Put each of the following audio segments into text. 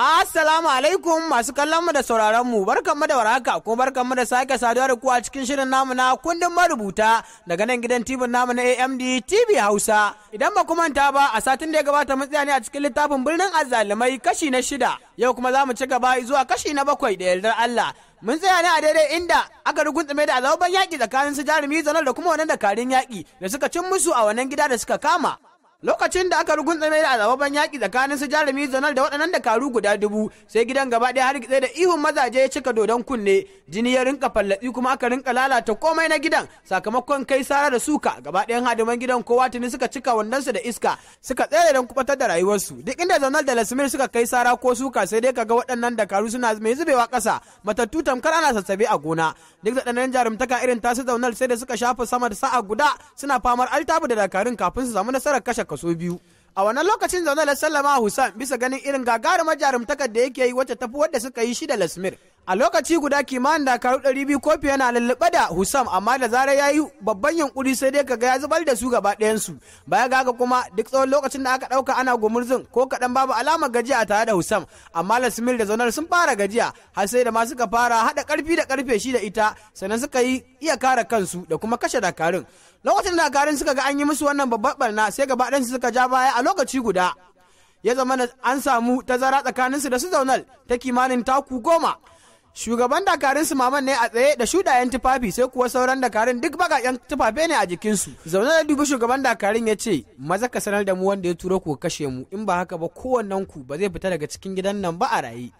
Assalamu alaikum masu kallon mu da sauraron mu barkan mu da waraka ko barkan mu da sake saduwa da ku a cikin shirin namu na kundin marubuta daga nan gidan TV namu na AMD TV Hausa. Idan ba manta ba a satin da ya gabata mun tsaya ne a cikin littafin birnin azzalumai kashi na shida yau kuma za mu ci gaba zuwa kashi na bakwai da yardar Allah. mun tsaya ne a daidai inda aka tsime da azaban yaki tsakanin su jarumi zanar da kuma wannan da karin yaƙi da suka cin musu a wannan gida da suka kama lokacin da aka mai da azababan yaƙi tsakanin su jarumi zanar da waɗannan dakaru guda dubu sai gidan gaba ɗaya har da ihun mazaje ya cika dodon kunne jini ya rinka fallatsi kuma aka rinka lalata komai na gidan sakamakon kai sara da suka gaba ɗayan hadiman gidan kowa tuni suka cika su da iska suka tsere don kubatar da rayuwarsu duk inda zonal da lasmir suka kai sara ko suka sai dai kaga waɗannan dakaru suna mai zubewa ƙasa matattu tamkar ana sassabe a gona duk da jarumtaka irin tasu zaunar sai da suka shafa sama da sa'a guda suna famar altabu da dakarun kafin su samu nasarar kashe kaso biyu a wannan lokacin zaune da sallama Hussein bisa ganin irin gagarumar jarumtakar da yake yi wacce tafi wadda suka yi shi da Lasmir a lokaci guda kimanin dakaru biyu kofi yana lullube da husam amma da zarar ya yi babban yankuri sai dai kaga ya zubar da su gaba ɗayansu baya ga haka kuma duk tsawon lokacin da aka ɗauka ana gumurzin ko kaɗan babu alama gajiya a tare da husam amma da Smith da zaunar sun fara gajiya har sai da ma suka fara haɗa ƙarfi da ƙarfe shi da ita sannan suka yi iya kare kansu da kuma kashe dakarun lokacin da dakarun suka ga an yi musu wannan babban barna sai gaba ɗayansu suka ja baya a lokaci guda ya zama an samu tazara tsakaninsu da su zaunar ta kimanin taku goma shugaban dakarun su maman ne a tsaye da shudayen tufafi sai kuwa sauran dakarun duk bakaken tufafe ne a jikinsu zaune da dubi shugaban dakarun ya ce maza ka sanar da mu wanda ya turo ku kashe mu in ba haka ba kowannen ku ba zai fita daga cikin gidan nan ba a raye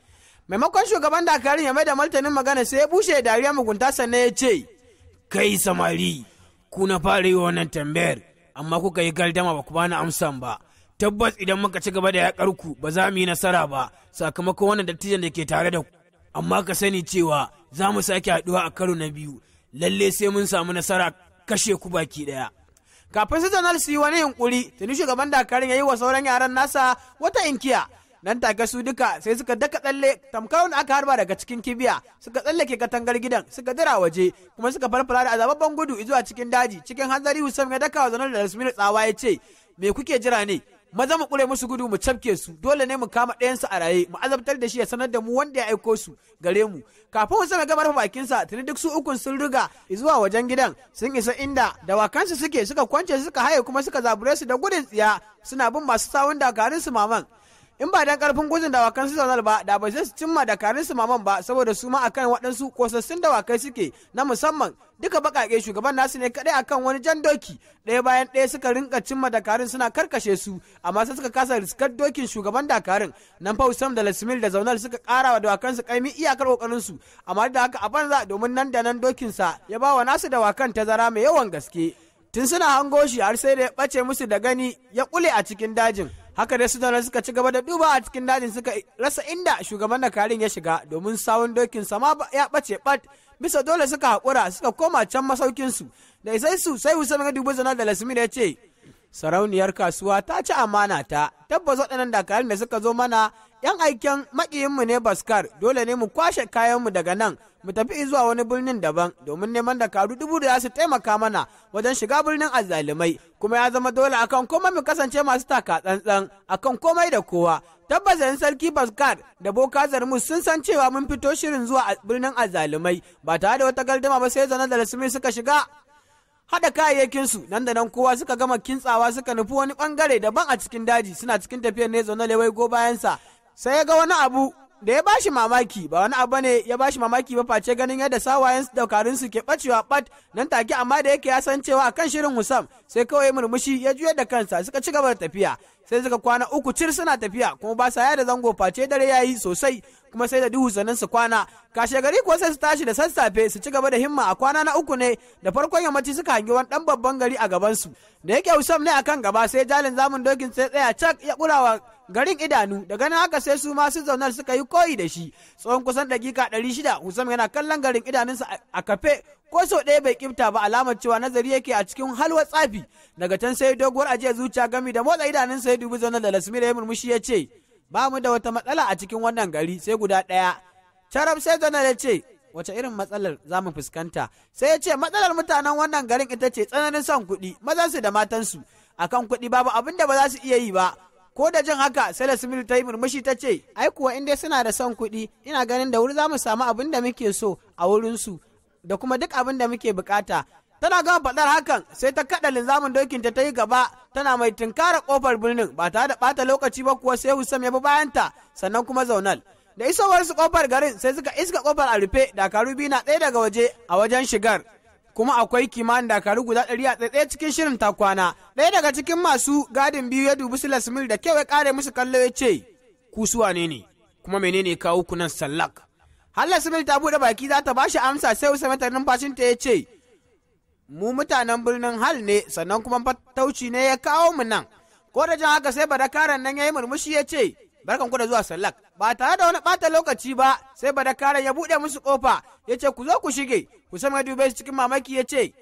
maimakon shugaban dakarun ya mai da martanin magana sai ya bushe dariya mugunta sannan ya ce kai samari ku na fara yi wannan tambayar amma kuka yi galdama ba ku bani amsan ba tabbas idan muka ci gaba da yakar ku ba za mu yi nasara ba sakamakon wannan dattijan da ke tare da ku amma ka sani cewa za mu sake haɗuwa a karo na biyu lalle sai mun samu nasara kashe ku baki ɗaya. kafin su zanar su yi wani yunkuri tuni shugaban dakarun ya yi wa sauran yaran nasa wata inkiya nan take su duka sai suka daka tsalle tamkar aka harba daga cikin kibiya suka tsallake katangar gidan suka dira waje kuma suka farfara da azababban gudu zuwa cikin daji cikin hanzari husam ya daka wa zanar da rasmin tsawa ya ce me kuke jira ne maza mu kure musu gudu mu cafke su dole ne mu kama ɗayansu a raye mu azabtar da shi ya sanar da mu wanda ya aiko su gare mu kafin mu gabar gamar bakinsa tuni duk su ukun sun riga zuwa wajen gidan sun isa inda dawakansu suke suka kwance suka haye kuma suka zabure su da gudun tsiya suna bin masu sawun dakarun su maman in ba dan karfin gudun dawakan su zaunar ba da bai su cimma da karin su maman ba saboda su ma akan waɗansu kosassun dawakai suke na musamman duka baƙaƙe shugaban nasu ne kaɗai akan wani jan doki ɗaya bayan ɗaya suka rinka cimma dakarun suna karkashe su amma sai suka kasa riskar dokin shugaban dakarun nan fa usam da lasmil da zaunar suka karawa dawakan su kaimi iyakar kokarin su amma da haka a banza domin nan da nan dokin sa ya ba wa nasu dawakan tazara mai yawan gaske tun suna hango shi har sai da ya ɓace musu da gani ya kule a cikin dajin haka dai suna suka ci gaba da duba a cikin dajin suka rasa inda shugaban dakarin ya shiga domin sawun dokin sama ya bace bat bisa dole suka haƙura suka koma can masaukin su da isai su sai Hussein ga dubu zana da lasmi ya ce sarauniyar kasuwa ta ci amana ta tabbas waɗannan dakarun da suka zo mana 'yan aiken makiyinmu ne baskar dole ne mu kwashe kayanmu daga nan mu tafi zuwa wani birnin daban domin neman da karu dubu da su taimaka mana wajen shiga birnin azzalumai kuma ya zama dole akan komai mu kasance masu taka tsantsan akan komai da kowa tabbas yan sarki baskar da boka zarmu sun san cewa mun fito shirin zuwa birnin azzalumai ba tare da wata galdama ba sai zana da rasmi suka shiga haɗa kayayyakin su nan da nan kowa suka gama kintsawa suka nufi wani bangare daban a cikin daji suna cikin tafiyar ne zaune lewai go bayansa sai ya ga wani abu da ya bashi mamaki ba wani abu ne ya bashi mamaki ba face ganin yadda sawayen daukarin su ke bacewa bat nan take amma da yake ya san cewa akan shirin Husam sai kawai murmushi ya juyar da kansa suka ci gaba da tafiya sai suka kwana uku cir suna tafiya kuma ba sa ya da zango face dare yayi sosai kuma sai da duhu sannan su kwana kashe gari kuwa sai su tashi da sassafe su ci gaba da himma a kwana na uku ne da farkon yammaci suka hangi wani dan babban gari a gaban su da yake usam ne akan gaba sai jalin zamun dokin sai tsaya cak ya kurawa garin idanu da ganin haka sai su ma su zaunar suka yi koyi da shi tsawon kusan dakika ɗari shida usam yana kallon garin idanunsa a kafe ko sau ɗaya bai kifta ba alamar cewa nazari yake a cikin halwar tsafi daga can sai doguwar ajiyar zuciya gami da motsa idanunsa ya dubi zaunar da lasmira ya murmushi ya ce ba mu da wata matsala a cikin wannan gari sai guda ɗaya carab sai janar ya ce wace irin matsalar za mu fuskanta sai ya ce matsalar mutanen wannan garin ita ce tsananin son kuɗi su da matansu kan kuɗi babu abin da ba za su iya yi ba ko da jin haka sai da smith ta yi murmushi ta ce ai kuwa in dai suna da son kuɗi ina ganin da wuri za mu samu abin da muke so a wurinsu da kuma duk abin da muke bukata tana gama faɗar hakan sai ta kaɗa linzamin dokinta ta yi gaba tana mai tunkara kofar birnin ba tare da ɓata lokaci ba kuwa sai Hussam ya bi bayanta sannan kuma zaunal. Da isowar su kofar garin sai suka iska kofar a rufe dakaru biyu na ɗaya daga waje a wajen shigar. Kuma akwai kimanin dakaru guda ɗari a tsaye cikin shirin takwana. Ɗaya daga cikin masu gadin biyu ya dubi Silas Mil da kyau ya ƙare musu kallo ya ce, Ku su wane ne? Kuma menene kawo ku nan sallak? Hallas Mil ta buɗe baki za ta ba shi amsa sai Usama ta numfashinta ya ce, mu mutanen birnin hal ne sannan kuma fatauci ne ya kawo mu nan ko da jan haka sai badakaran nan ya yi murmushi ya ce barkan ku da zuwa sallak ba tare da wani bata lokaci ba sai badakaran ya buɗe musu kofa ya ce ku zo ku shige ku sama dube cikin mamaki ya ce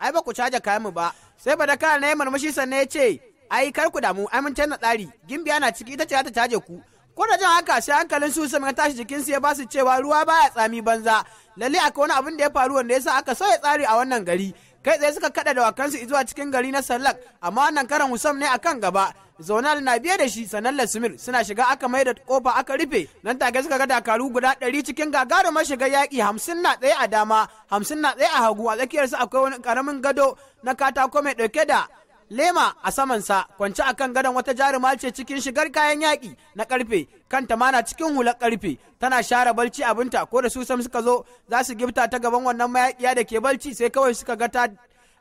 ai ba ku caja kayan mu ba sai badakaran na yi murmushi sannan ya ce ai kar ku damu ai mun canza tsari gimbiya na ciki ita ce za ta caje ku ko da jan haka sai hankalin su mai tashi jikin su ya ba su cewa ruwa baya tsami banza lalle akwai wani abin da ya faru wanda yasa aka sauya tsari a wannan gari kai tsaye suka kada dawakansu zuwa cikin gari na sallak amma wannan karan husam ne akan gaba zonal na biye da shi sanan lasmir suna shiga aka mai da kofa aka rufe nan take suka ga dakaru guda ɗari cikin gagarumar shiga yaƙi hamsin na tsaye a dama hamsin na tsaye a hagu a tsakiyarsu akwai wani ƙaramin gado na katako mai ɗauke da lema a samansa kwance kan gadon wata jaruma ce cikin shigar kayan yaƙi na karfe kanta mana cikin hular karfe tana share balci abinta ko da su sam suka zo za su gifta ta gaban wannan mayaƙiya da ke balci sai kawai suka ga ta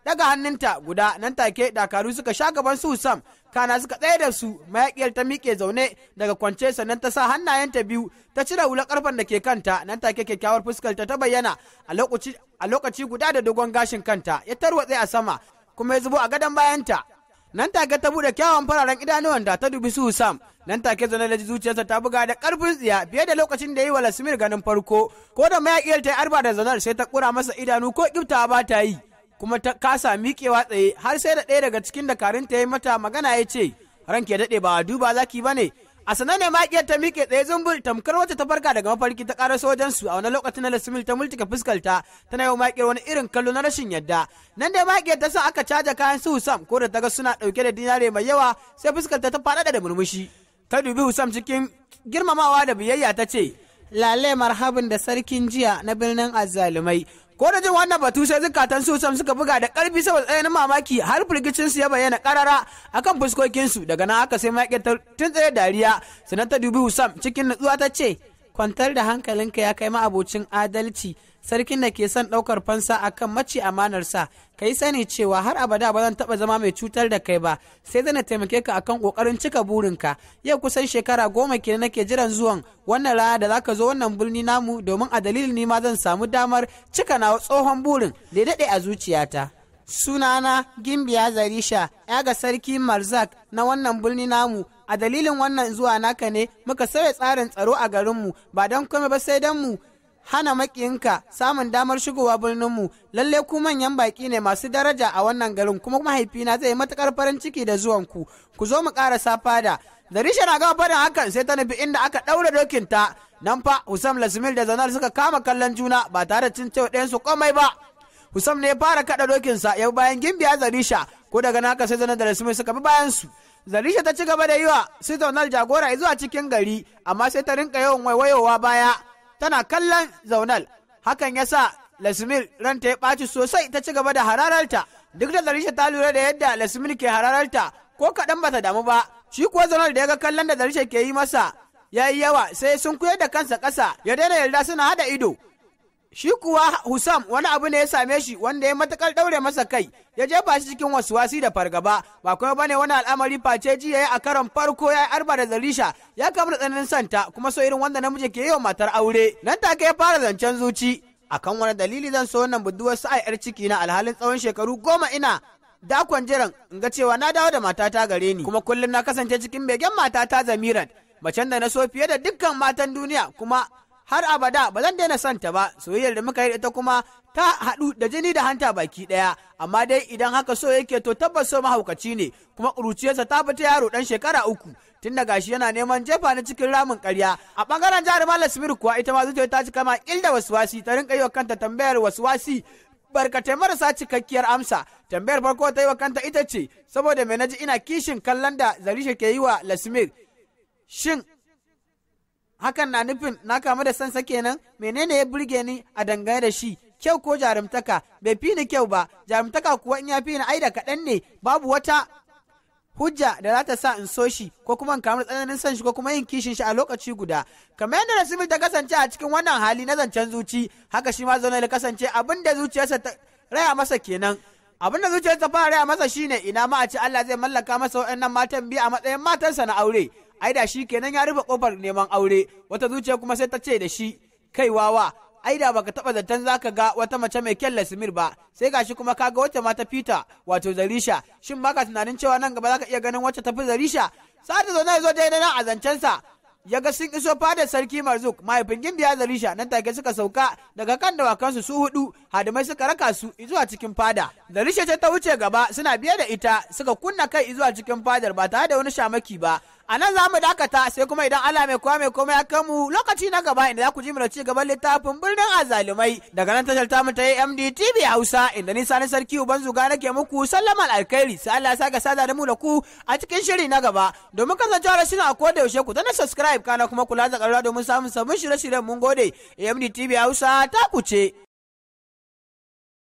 daga hannunta guda nan take dakaru suka sha gaban su sam kana suka tsaye da su mayaƙiyar ta miƙe zaune daga kwance sannan ta sa hannayenta biyu ta cire hular karfan da ke kanta nan take kyakkyawar fuskar ta ta bayyana a lokaci guda da dogon gashin kanta ya tarwatse a sama kuma ya zubo a gadon bayanta nan take ta bude kyawawan fararen idanuwan da ta dubi su sam nan take zane da zuciyarsa ta buga da karfin tsiya fiye da lokacin da yi wa lasmir ganin farko ko da mayakiyar ta yi arba da zanar sai ta kura masa idanu ko kibta ba ta yi kuma ta kasa miƙewa tsaye har sai da ɗaya daga cikin dakarun ta yi mata magana ya ce ranke daɗe ba duba zaki ba ne a sanar ne makiyar ta miƙe tsaye zumbul tamkar wacce ta farka daga mafarki ta ƙaraso wajen su a wani lokacin na lasimil ta multika fuskalta tana yau makiyar wani irin kallo na rashin yadda nan dai makiyar ta sa aka caja kayan su husam ko da ta ga suna ɗauke da dinare mai yawa sai fuskalta ta faɗaɗa da murmushi ta dubi husam cikin girmamawa da biyayya ta ce lalle marhabin da sarkin jiya na birnin azzalumai ko da jin wannan batu sai zukatan su sam suka buga da karfi saboda na mamaki har firgicin su ya bayyana karara akan fuskokin su daga nan aka sai maƙin tun tsaye dariya sanar ta dubi Husam cikin nutsuwa ta ce kwantar da hankalinka ya kai ma'abocin adalci sarkin da ke son ɗaukar fansa akan mace amanarsa ka yi sani cewa har abada ba zan taɓa zama mai cutar da kai ba sai zana taimake ka akan ƙoƙarin cika burinka yau kusan shekara goma ke nake jiran zuwan wannan rana da zaka zo wannan birni namu domin a dalilin ni ma zan samu damar cika nawa tsohon burin da daɗe a zuciyata. Sunana Gimbiya Zarisha, ya ga sarki Marzak na wannan birni namu a dalilin wannan zuwa naka ne muka sauya tsarin tsaro a garinmu ba don kome ba sai don mu hana makiyinka samun damar shigowa birninmu lalle ku manyan baki ne masu daraja a wannan garin kuma mahaifina zai yi matukar farin ciki da zuwan ku ku zo mu ƙara fada da rishe na gama faɗin hakan sai ta nufi inda aka ɗaure dokinta nan fa husam lasmil da zanar suka kama kallon juna ba tare da cin ɗayansu komai ba husam ne ya fara kaɗa dokinsa yau bayan gimbiya zarisha ko daga naka sai zanar da lasmil suka bi bayan su zarisha ta ci gaba da yi wa Sitonal jagora zuwa cikin gari, amma sai ta rinka yawan waiwayowa baya tana kallon Zaunal. Hakan ya sa Lasmir ranta ya ɓaci sosai ta ci gaba da harararta. Duk da Zalisha ta lura da yadda lasmir ke harararta ko kaɗan bata damu ba. Shi kuwa Zaunal da ya ga kallon da Zalisha ke yi masa ya yi yawa sai sun kuyar da kansa ƙasa ya daina yarda suna haɗa ido. Shi kuwa Husam wani abu ne ya same shi wanda ya matakar daure masa kai ya jefa shi cikin wasu wasuwasi da fargaba ba kuma bane wani al'amari face ji yayi a karon farko yayi arba da zalisha ya kamar tsananin santa kuma so irin wanda namiji ke yi wa matar aure nan take ya fara zancen zuci akan wani dalili zan so wannan budduwar sa'ai yar ciki na alhalin tsawon shekaru goma ina dakon jiran in ga cewa na dawo da matata gare ni kuma kullum na kasance cikin begen matata zamiran macen da na so fiye da dukkan matan duniya kuma har abada ba zan daina santa ba soyayyar da muka yi ita kuma ta haɗu da jini da hanta baki ɗaya amma dai idan haka so yake to tabbas so mahaukaci ne kuma ƙuruciyarsa ta fita yaro ɗan shekara uku tun da gashi yana neman jefa na cikin ramin karya. a ɓangaren jihar malam smith kuwa ita ma zuciya ta ci ma ilda wasuwasi ta rinƙa yi wa kanta tambayar wasuwasi barkatai marasa cikakkiyar amsa tambayar farko ta yi wa kanta ita ce saboda mai na ji ina kishin kallon da zarisha ke yi wa lasmir shin hakan na nufin na kamu da sansa kenan menene ya burge ni a dangane da shi kyau ko jarumtaka bai fi ni kyau ba jarumtaka kuwa in ya fi ni ai da kaɗan ne babu wata hujja da za ta sa in so shi ko kuma in kamu da tsananin son shi ko kuma yin kishin shi a lokaci guda kamar yadda nasibin ta kasance a cikin wannan hali na zancen zuci haka shi ma zaune kasance abin da zuciyarsa ta raya masa kenan abin da zuciyarsa fara raya masa shine ina ma a ce Allah zai mallaka masa waɗannan matan biyu a matsayin matansa na aure ai da shi kenan ya rufe kofar neman aure wata zuciya kuma sai ta ce da shi kai wawa ai da baka taba zaton zaka ga wata mace mai kyan lasmir ba sai gashi kuma kaga wata mata fita wato zarisha shin baka tunanin cewa nan gaba zaka iya ganin wacce tafi zarisha sai ta zo na zo dai nan a sa ya ga sun iso fadar sarki marzuk mahaifin Gindiya zarisha nan take suka sauka daga kan dawakansu su hudu hadimai suka raka su zuwa cikin fada zarisha ta wuce gaba suna biye da ita suka kunna kai zuwa cikin fadar ba tare da wani shamaki ba A nan za mu dakata sai kuma idan Allah mai kowa mai komai ya mu lokaci na gaba inda za ku ji mu da ci gaban littafin birnin azalumai daga nan tashar ta tamu ta MDTV Hausa inda ni sani sarki uban zuga nake muku Sallamar alkhairi sai Allah ya saka sada da mu da ku a cikin shiri na gaba domin kasancewa da shirin a koda yaushe ku dana subscribe kana kuma kula da ƙararra domin samun sabbin shirye-shiryen mun gode MDTV Hausa ta kuce.